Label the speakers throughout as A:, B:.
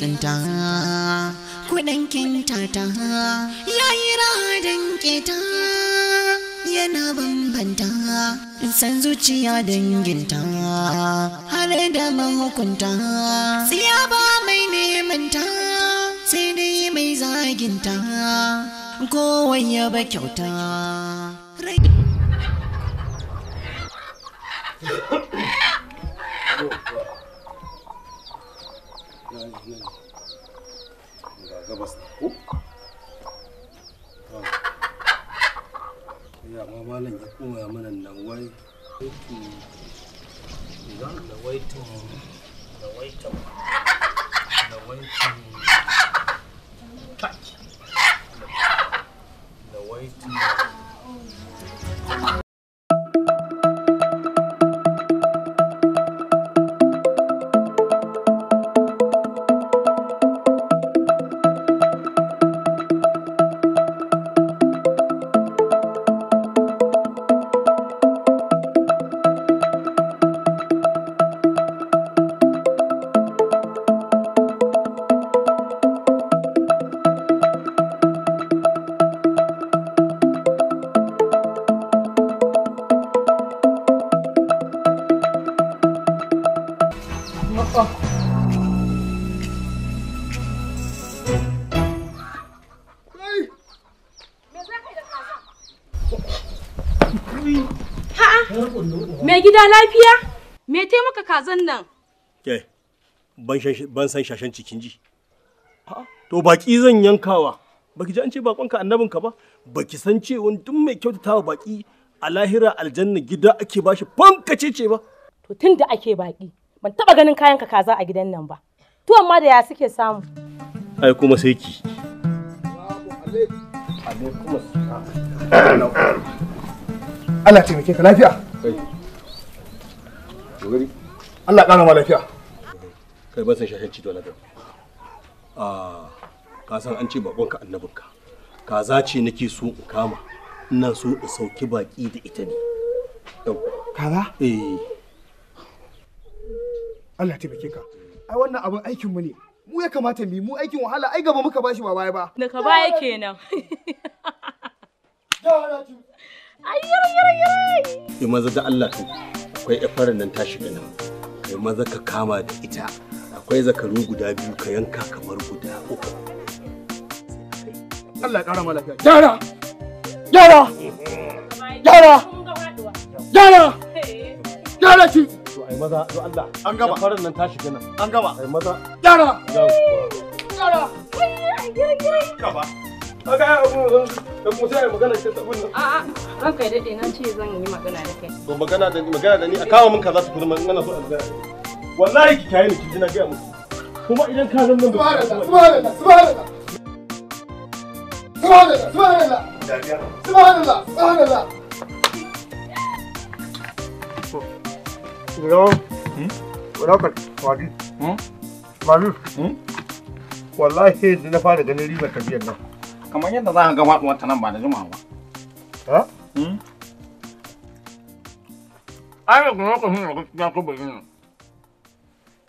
A: tsinta kudin kinta ta yi radin kita yana bambanta san zuciya danginta har da mahukunta siya ba mai nemanta sai dai mai zaginta kowai ya ba kyauta Yeah. Mm-hmm. Me gida lafiya? Me te maka kazan nan? Ke, ban san shashen cikin ji. To baki zan yankawa. Baki ji an ce bakonka annabinka ba? Baki san cewa duk mai kyautata wa baki a lahira aljanna gida ake bashi fankace ce ba. To tun da ake baki, ban taba ganin kayan ka kaza a gidan nan ba. to amma da ya suke samu. Ai kuma sai ki. Allah taimake ka lafiya. Allah ƙara ma lafiya. Kai ba san ah, shashanci dole da. a ka san an ce bakonka annabinka. Kaza ce nake so in kama. Ina so in sauki baki da ita ne. Kaza? Eh. Allah taimake ka. Ai wannan abin aikin mu ne. Mu ya kamata mu mu aikin wahala ai gaba muka bashi ba baya ba. Da ka baya kenan. Yi maza da Allah to akwai ifarin nan ta shiga nan. Kai maza ka kama da ita. Akwai zakaru guda biyu ka yanka kamar guda uku. Allah ƙara ma lafiya. Yara! Yara! Yara! Yara! Yara ki! To ai maza to Allah. An gaba. nan ta shiga nan. An gaba. Ai maza. Yara! Gyara! Gyara! Gaba. Kaga Dan Musa ya magana ce ta A'a, ran kai na ce zan yi magana da kai. To da magana da ni a kawo min kaza tukunna ina so a ga. Wallahi ki kayi ni ki na ga muku. Kuma idan ka zan nan Subhanallah, subhanallah, subhanallah. Subhanallah, subhanallah. Subhanallah, subhanallah. Hmm? Hmm? Hmm? Hello. na fara ganin ribar tafiyar nan. kamar yadda za ka ga faɗuwar ta nan ba da jimawa ba. Ha? Hmm? Ai da kuma lokacin da gaskiya ta bayyana.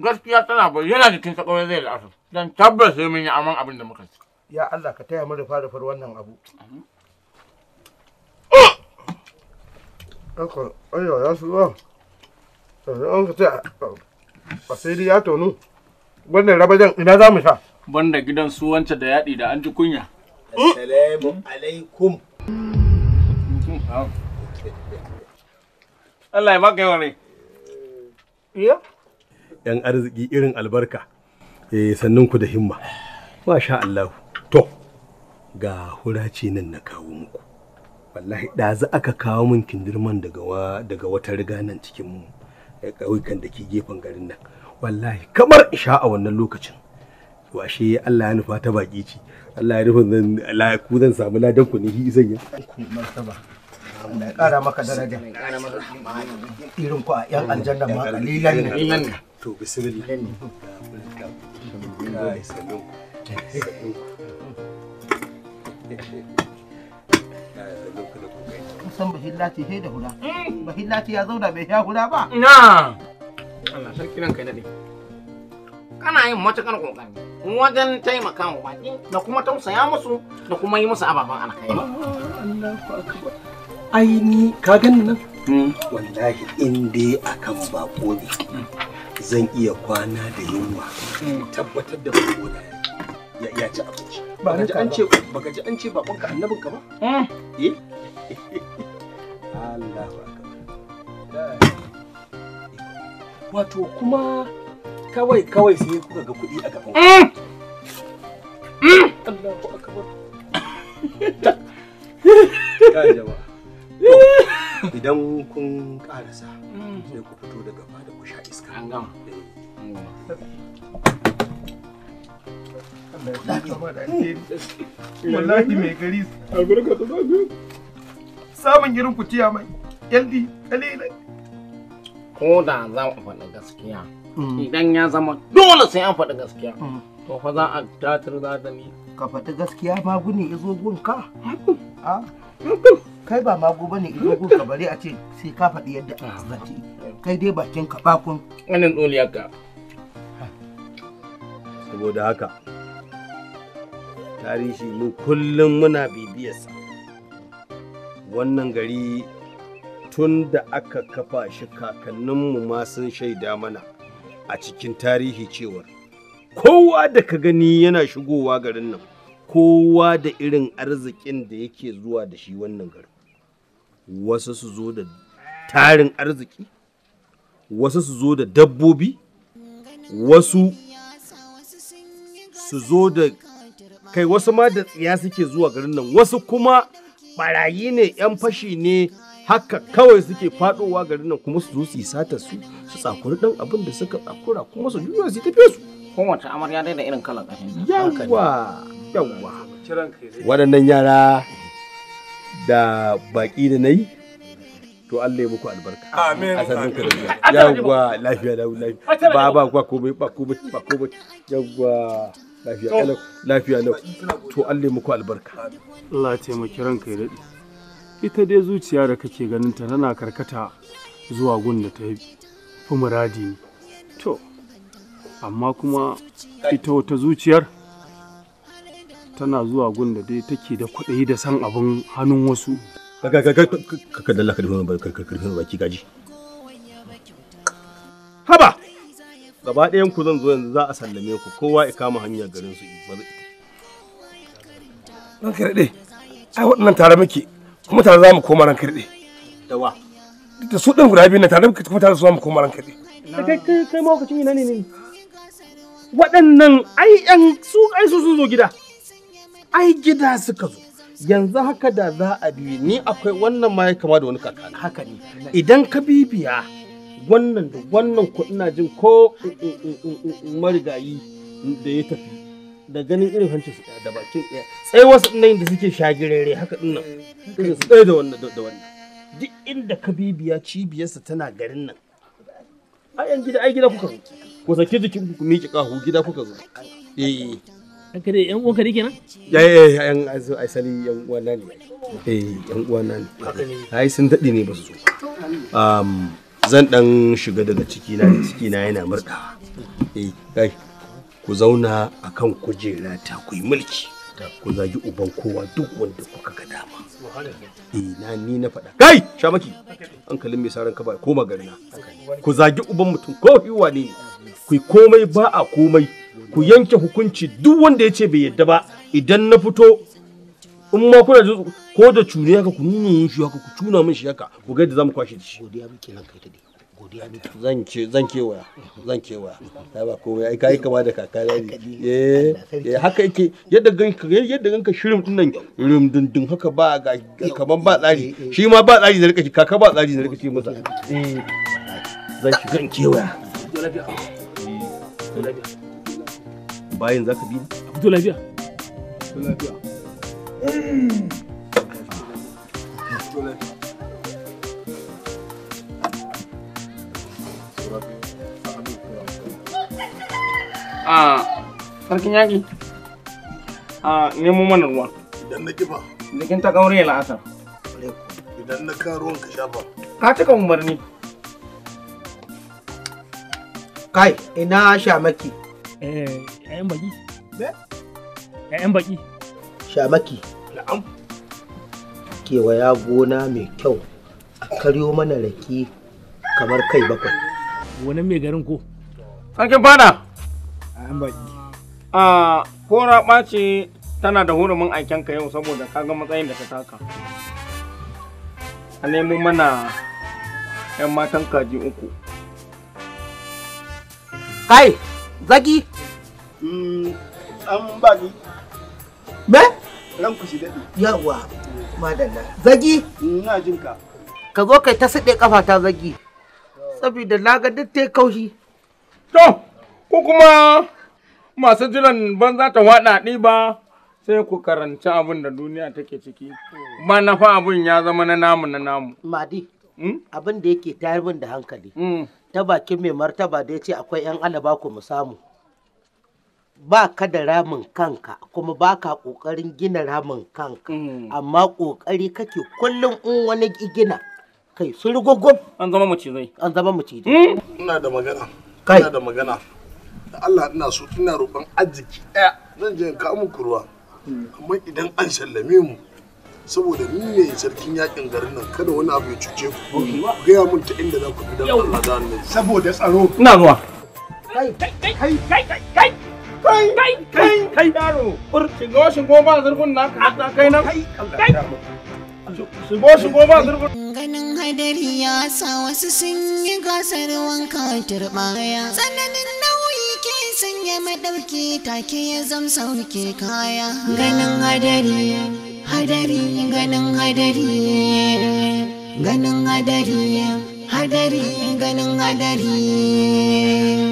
A: Gaskiya tana bayyana jikin sa kawai zai la'asar. Dan tabbas sai mun yi aman abin da muka ci. Ya Allah ka taya mu rufa rufar wannan abu. Aka ayyo ya su ba. Sannan an ka ce a sai dai ya tonu. Wannan rabajen ina za mu sha. Banda gidan su wance da yaɗi da an ji kunya. Assalamu hmm? alaikum. Allah ya baka Iya? ‘Yan arziki irin albarka, eh, sannun da himma. Masha Allah. To, ga hurace nan na kawo muku. Wallahi ɗazu aka kawo min kindirman daga wata riga nan cikin eh, ƙauyukan da ke gefen garin nan. Wallahi kamar isha a wannan lokacin. to ashe Allah ya nufa ta baki ci Allah ya nufa zan ku zan samu ladan ku ne shi zan yi martaba Allah ya kara maka daraja irin ku a yan aljanna ma kalilan ne to bismillah san bahillaci he da hula bahillaci ya zauna bai sha hula ba na Allah sarki ne kana yin matukar kokari wajen taimaka wa baki da kuma tausaya musu da kuma yi musu ababen alkhairi Allahu akbar ai ni ka gani nan hmm. wallahi in dai akan bako ne zan iya kwana da yunwa hmm. tabbatar da bako da ya ci abinci baka ji an ce baka ji an ce bakon ka annabin ka ba hmm. eh Allah Allahu akbar wato kuma kawai kawai sai kuka ga kuɗi a gaban eh! mm! Allahu akbar idan kun karasa mm. sai ku fito daga ba da ku sha iska eh. an gama wallahi mai gari albarka girin zafi samun kutiya mai yaldi kalilan ko da zan faɗi gaskiya Mm. idan ya zama dole sai an faɗi gaskiya mm. to fa za a tatar za da ni ka faɗi gaskiya magu ne izo gunka kai ba magu bane izo gunka bare a ce sai ka faɗi yadda ah. zance kai dai bakin ka bakun anan ka. saboda haka tarihi mu kullum muna bibiyarsa wannan gari tun da aka kafa shi kakanninmu ma sun shaida mana a cikin tarihi cewar kowa da ka gani yana shigowa garin nan kowa da irin arzikin da yake zuwa da shi wannan garin wasu su zo da tarin arziki wasu su zo da dabbobi wasu su zo da kai wasu ma da tsiya suke zuwa garin nan wasu kuma barayi ne 'yan fashi ne haka kawai suke fadowa garin nan kuma su zo su sata su su tsakuri dan abin da suka tsakura kuma su juyo su tafi su wata amarya dai da irin kalan ƙashin yawa yawa waɗannan yara da baƙi da na yi to Allah ya muku albarka amin Asalin ka da yawa lafiya da lafiya ba ba ba komai ba komai ba komai yawa lafiya lafiya to Allah ya muku albarka Allah ya taimaki ranka ya daɗe ita dai zuciya da kake ganin ta tana karkata zuwa gun da ta fi muradi ne to amma kuma ita wata zuciyar tana zuwa gun da dai take da kwaɗayi da san abin hannun wasu kakar da laka da baki gaji haba gaba ɗayan ku zan zo yanzu za a sallame ku kowa ya kama hanyar garin su ba zai ɗan kai ai waɗannan tare muke kuma tare za mu koma ran kirɗe da wa da su ɗin guda biyu na tare kuma tare za mu koma ran kirɗe da kai kai kai mawakacin ina ne ne waɗannan ai yan su ai su sun zo gida ai gida suka zo yanzu haka da za a bi ni akwai wannan ma ya kama da wani kakana haka ne idan ka bibiya wannan da wannan ko ina jin ko eh, eh, eh, marigayi da ya tafi da ganin irin hancin su da bakin ɗaya eh, sai wasu nan da suke shagirere haka ɗin nan irin su ɗaya da wannan da wannan duk inda ka bibiya cibiyarsa tana garin nan a yan gida ai gida kuka zo ku saki jikin ku miƙe ƙahu gida kuka zo eh haka dai yan uwanka dike nan ya ya ya yan azu asali yan uwana ne eh yan uwana ne ai sun daɗe ne ba su zo um zan dan shiga daga ciki na ciki na yana murɗa eh kai ku zauna a kan kujera ta ku yi mulki ku zagi uban kowa duk wanda kuka ga dama ina eh, ni na faɗa kai shamaki hankalin mai saran kaba koma gari na ku zagi uban mutum ko hiwa ne ku komai ba a komai ku yanke hukunci duk wanda ya ce bai yadda ba idan na fito in ma kuna ko da cune haka ku nuna shi haka ku cuna min shi haka ku ga yadda zamu kwashe shi godiya zan zan kewaya zan kewaya ba komai ai kai kama da kaka ne eh, eh haka yake yadda ganka yadda ganka shirin din nan rumdundun haka ba ga kaman ba tsari eh, eh. shi ma ba tsari kaka ba tsari da masa zan bi a sarkin yaƙi ne nemo mana ruwa idan na kifa jikin ta kaure ya asar. idan na kan ruwan ka shafa ka cika umarni kai ina shamaki eh ƴaƴan baki be ƴaƴan baki shamaki na'am kewaya gona mai kyau a karyo mana rake kamar kai bakwai wani mai garin ko sarkin bana an baki a kora ɓace tana da hurumin ka yau saboda kaga matsayin da ta taka a nemo mana 'yan matan kaji uku kai zagi. Mm, an ba ni me ranku shi daɗi yawa madalla zagi mm, ina jin ka ka zo kai ta siɗe ƙafa ta zagi saboda na ga duk ta kaushi to ko kuma masu jiran ban za ta wada ba sai ku karanci abin da duniya take ciki ba na fa abin ya zama na namu na namu madi hmm? abin da yake tayar min da hankali hmm. ta bakin mai martaba da ya ce akwai yan alaba ku mu samu ba ka da ramin kanka kuma ba ka ƙoƙarin gina ramin kanka hmm. amma ƙoƙari kake kullum in wani gina kai sun rigoggob an zama macizai an zama zai ina da magana kai ina da magana da Allah ina so ina roƙon arziki ɗaya zan je ka mu kurwa amma idan an sallame mu saboda ni ne sarkin yakin garin nan kada wani abu ya cuce ku gaya mun ta inda za ku fi Allah da Allah saboda tsaro ina zuwa kai kai kai kai kai kai kai kai kai yaro kur shigo shigo ba zurgun na ka kai nan kai shigo shigo ba zurgun ganin hadari ya sa wasu sun yi gasar wanka turbaya tsananin sanya madauki take ya zam sauke kaya ganin hadari hadari ganin hadari ganin hadari hadari ganin hadari